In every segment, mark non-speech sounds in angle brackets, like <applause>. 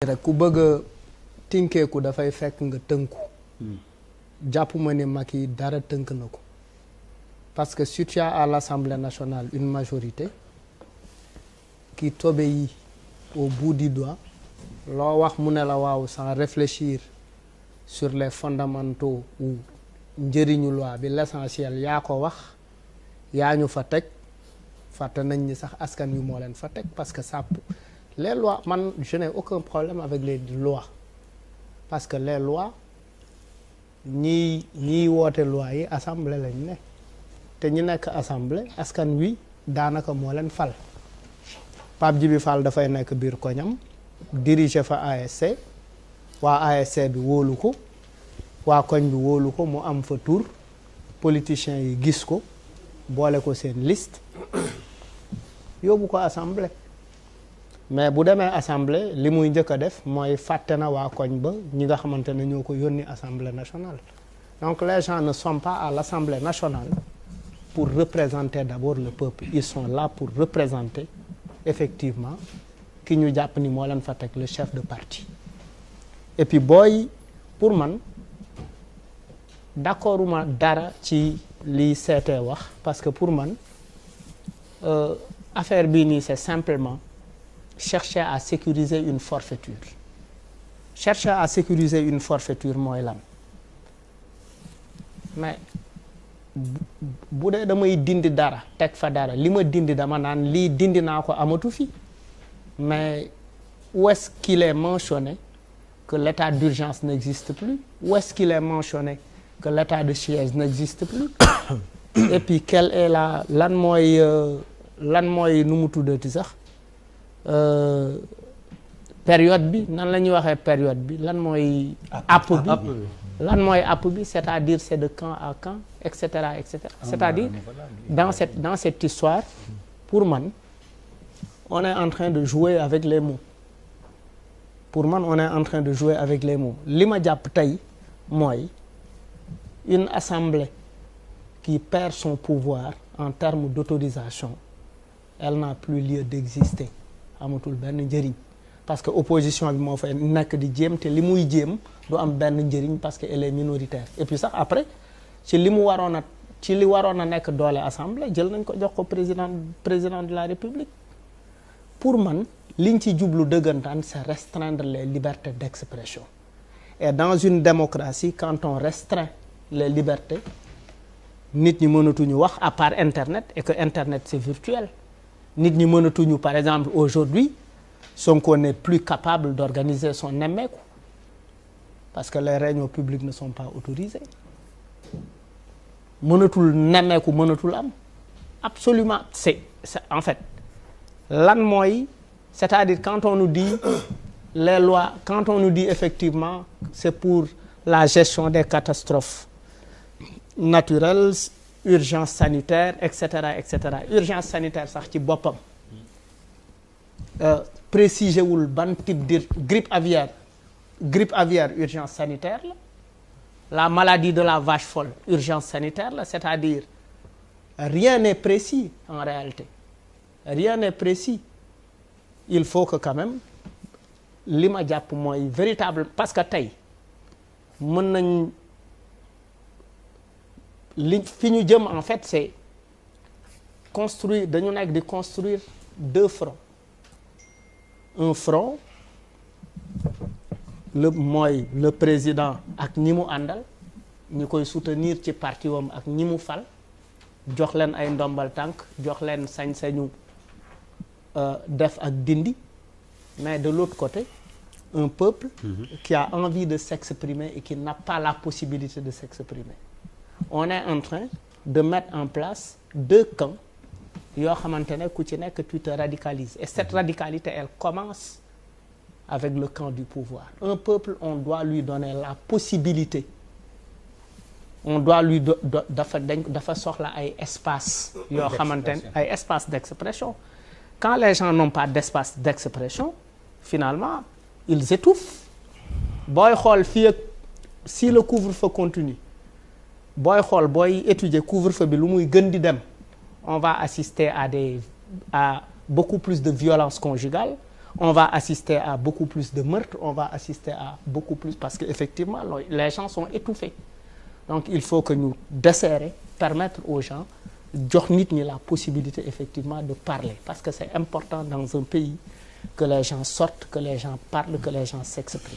rek ku bëgg tinkeeku dafay fekk nga tënku hmm. jàpp ma mag Macky dara tënk na ko parce que si tu as à l'Assemblée nationale une majorité qui t'obéit au bout du doigt loo wax mu ne la waaw sans réfléchir sur le fondamentaux ou njëriñu loi bi l'essentiel yaa ko wax yaa ñu fa teg fàtte nañ ni sax askan yu moo leen fa teg parce que sàpp les lois man je n'ai aucun problème avec les lois parce que les lois ñiy ñiy woote loi yi assemblée lañ ne te ñi nekk assemblée askan wi daanaka moo leen fal Pape bi Fall dafay nekk biir koñam diriger fa ASC waa ASC bi wóolu ko waa koñ bi wóolu ko mu am fa tur politiciens yi gis ko boole ko seen liste yóbbu ko assemblée mais bu demee assemblée li muy njëkk def mooy fàtte na waa koñ ba ñi nga xamante ne ñoo ko yónni assemblée nationale. donc les gens ne sompa pas à l'assemblée nationale pour représenter d'abord le peuple ils sont là pour représenter effectivement ki ñu jàpp ni moo leen fa teg le chef de parti. et puis booy pour man d'accorduma dara ci li seetee wax parce que pour man euh, affaire bii nii c'est simplement. chercher à sécuriser une forfaiture chercher à sécuriser une forfaiture mooy lan mais bu dee damay dindi dara teg fa dara li ma dindi dama naan lii dindi naa ko amatu fi mais où est-ce qu'il que l'état d'urgence n'existe plus où est-ce qu'il que l'état de siège n'existe plus <coughs> et puis quelle est la lan mooy euh, lan mooy nu mu tuddati sax Euh, période bi nan la ñuy waxee période bi lan mooy. app bi lan mooy app bi c'est-à-dire c'est de camp à camp et cetera et cetera. Ah, c'est-à-dire dans cette dans cette histoire pour man on est en train de jouer avec les mots pour man de jouer avec les li ma jàpp tey mooy une assemblée qui perd son pouvoir en termes d'autorisation elle n'a plus lieu d'exister. amatul benn njëriñ parce que opposition bi moo fay nekk di jéem te li muy jéem du am benn njëriñ parce que elle est minoritaire et puis sax après ci li mu waroon a ci li waroon a nekk doole assemblée jël nañ ko jox ko président président de la république pour man liñ ci jublu dëggantaan c'est restreindre les libertés d'expression et dans une démocratie quand on restreint les libertés nit ñi mënatuñu wax à part internet et que internet c'est virtuel nit ñi ñu par exemple aujourd'hui Sonko ne plus capable d'organiser son nemmeeku parce que les réunions publiques ne sont pas autorisées mënatul nemmeeku mënatul am absolument c'est en fait lan mooy c'est-à-dire quand on nous <coughs> les lois quand on nous effectivement c'est pour la gestion des catastrophes naturelles urgence sanitaire et cetera et cetera urgence sanitaire sax ci boppam euh, précisé wul ban type de grippe aviaire grippe aviaire urgence sanitaire la la maladie de la vache folle urgence sanitaire la c'est-à-dire rien n'est précis en réalité rien n'est précis il faut que quand même li ma jàpp mooy véritable parce que tey mën nañ li fi ñu jëm en fait c'est construire dañu nekk di construire deux fronts un front le mooy le président ak ñi mu àndal ñi koy soutenir ci parti ak ñi mu fal jox leen ay ndombal tànk jox leen sañ-sañu euh, def ak dindi mais de l'autre côté un peuple mm -hmm. qui a envie de s'exprimer et qui n'a nappa la possibilité de s'exprimer on est en train de mettre en place deux camps yoo xamante ne ku ci nekk tu te radicalises et cette mhm. radicalité elle commence avec le camp du pouvoir un peuple on doit lui donner la possibilité on doit lui do dafa dañ dafa soxla ay espace yoo xamante ne ay espace d'expression quand les gens n'ont pas d'espace d'expression finalement ils étouffent booy xool fii si le couvre-feu continue booy xool booy étudier couvre-feu bi lu muy gën di dem on va assister à des à beaucoup plus de violence conjugale on va assister à beaucoup plus de meurtres on va assister à beaucoup plus parce que effectivement les gens sont étouffés donc il faut que ñu desserrer permettre aux gens jox nit ñi la possibilité effectivement de parler parce que c'est important dans un pays que les gens sortent que les gens parlent que les gens s'expriment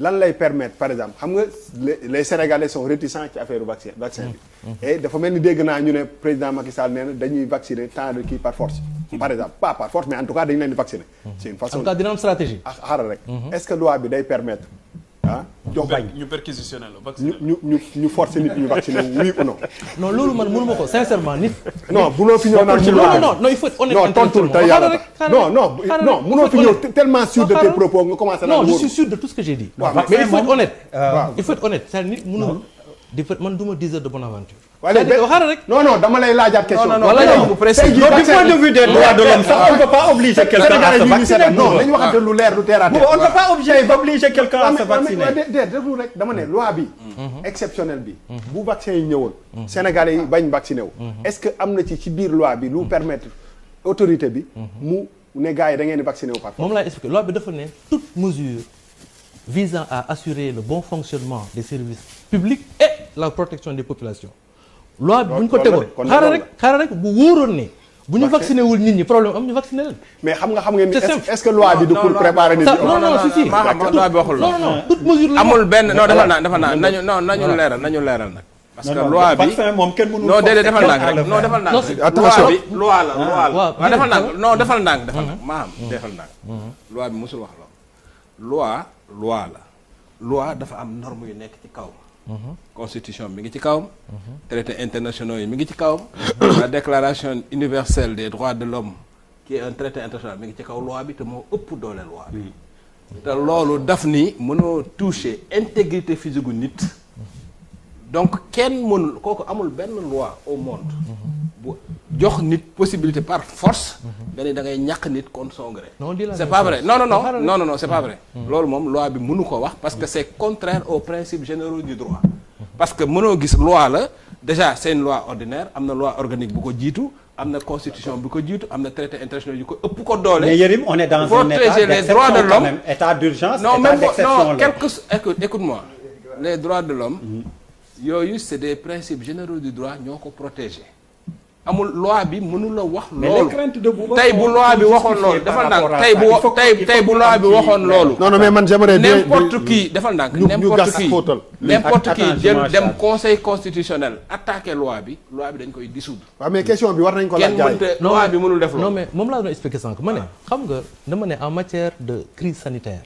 lan lay permettre par exemple xam nga les sénégalais sont réticents ci affaire vaccin vaccin bi. Mhm. dafa mel ni dégg naa ñu ne président Macky Sall nee na dañuy vacciner tant de kii par force. Mhm. par exemple pas par force mais en tout dañu leen di vacciner. Mhm. c' une façon en tout stratégie. ah xaaral rek. est que loi bi day permettre. jox bañ ñu perquisitionné la ñu ñu ñu ñu forcé nit ñu vacciné oui ou non. non loolu man mënu ma ko sincèrement nit. non bu noo fi ñëw naan ci non non non il faut être honnête. non tontul tey yàlla non non non mënoo fi ñëw tellement sûr de tes propos nga commencé. non je suis sûr de tout ce que j'ai dit. mais il faut être honnête. Euh, il faut être honnête c'est-à-dire nit mënul. di fa man du ma 10 heures de bonne aventure. wala waxaara rek. non non dama lay laajaat question. non non non bu précis du point de vue des droits de l'homme sax on peut pas obliger quelqu'un à se vacciner. non dañu waxante lu leer lu terre à terre. on peut pas obliger d'obliger quelqu'un à se vacciner. déglu rek dama ne mm-hmm. loi bi. Mm-hmm. exceptionnelle bi. Mm-hmm. bu vaccin yi ñëwoon. Sénégalais yi bañ vacciné wu. est-ce que am na ci ci biir loi bi lu permettre autorité bi. mu ne gars yi da ngeen di vacciné wu par moom laay expliqué loi bi dafa ne toute mesure visant à assurer le bon fonctionnement des services publics et la protection des populations. loi bi bu ñu ko tegoon xaaral rek xaaral rek bu wóoroon ne. bu ñu vacciné wul nit ñi problème am ñu vacciné leen. mais xam nga xam ngeen ni est-ce que loi bi du pour préparer nit ñi. non non si si maa xam loi bi waxul nañu non nañu leeral nañu leeral nag. parce que loi bi moom kenn mënul non déedéet defal defal ndànk rek loi bi loi la loi la waaw defal ndànk loolu loi loi la loi dafa am norme yu nekk ci kaw constitution mi ngi ci kawam. Mhm. traités internationaux yi mi ngi ci kaw mhm. la déclaration universelle des droits de l'homme qui est un traité international mi ngi ci kaw loi bi te moo ëpp doole loi bi. te loolu daf ni mënoo toucher intégrité physique gu nit. Mhm. donc kenn mënul kooku amul benn loi au monde. bu jox nit possibilité par force. nga ni da ngay ñàq nit contre son gré. non di la c'est pas vrai non non non non non non c'est pas vrai. Mm. loolu moom loi bi mënu ko wax parce que c'est contraire aux principes généraux du droit. Mm-hmm. parce que mënoo gis loi la déjà c'est une loi ordinaire am na loi organique bu ko jiitu. am na constitution bi ko jiitu am na traité international yu ko ëpp ko doole. mais Yérim on est dans un état les droits de l'homme état d'urgence non même non quelque écoute écoute-moi les droits de l'homme mm-hmm. yooyu c'est des principes généraux du droit ñoo ko protéger amul loi bi mënu la wax. loolu tey bu loi bi waxoon loolu. defal ndànk tey bu tey tey bu loi bi waxoon loolu. non mais man j'aimerais bien n'importe qui euh, defal ndànk n'importe qui n'importe qui jël dem conseil constitutionnel attaqué loi bi loi bi dañ koy dissoudre. waaw mais question bi war nañ ko laaj jaay loi bi mënul def loolu. non mais moom laa doon expliquer sànq ma ne. xam nga dama ne en matière de crise sanitaire.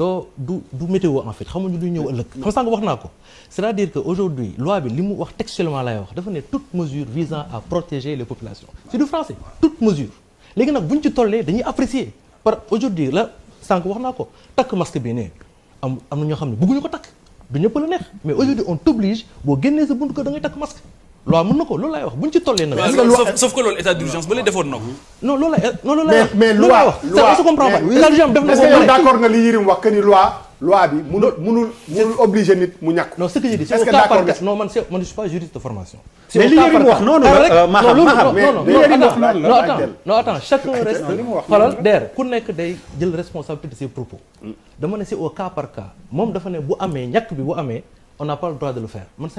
doo du du météo en fait xamuñu luy ñëw ëllëg xam sànq wax naa ko c'est-à-dire que aujourd'hui loi bi li mu wax textuellement lay wax dafa ne toute mesure visant à protéger les populations c'est du français toute mesure léegi nag buñ ci tollee dañuy apprécier par aujourd'hui la sànq wax naa ko takk masque bi ne am am na ñoo xam ne bëgguñu ko takk du ñëpp la neex mais aujourd'hui on t'oblige boo génnee sa buntu kër da ngay takk masque loi mën na ko loolu laay wax bu ñu ci tollee nag. sauf que ba léegi defoon na ko. non loolu laay wax. mais loi loi se comprend pas. état d'urgence def na ko wax que loi. bi mënul mënul mënul nit mu ñàkk. non ce que j'ai dit c'est au cas par cas non man c'est man je suis pas juriste de formation. c'est mais li Yirim wax noonu euh, la Maham Maham mais li Yirim wax noonu la non attends non attends mm. par cas moom dafa ne bu amee ñàkk bi bu amee on n'a pas le droit de le man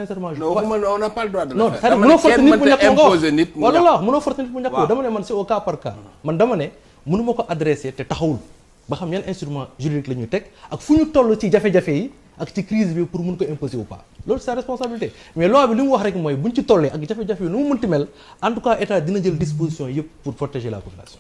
dama ne man c'est au cas par cas. man dama ne mënu ko adressé te taxawul ba xam yan instrument juridique la ñu teg ak fu ñu toll ci jafe-jafe yi ak ci crise bi pour mun ko imposer ou pas loolu c'est sa responsabilité mais loi bi li mu wax rek mooy buñ ci tollee ak jafe-jafe yi nu mu mënti mel en tout cas état dina jël disposition yëpp pour protéger la population.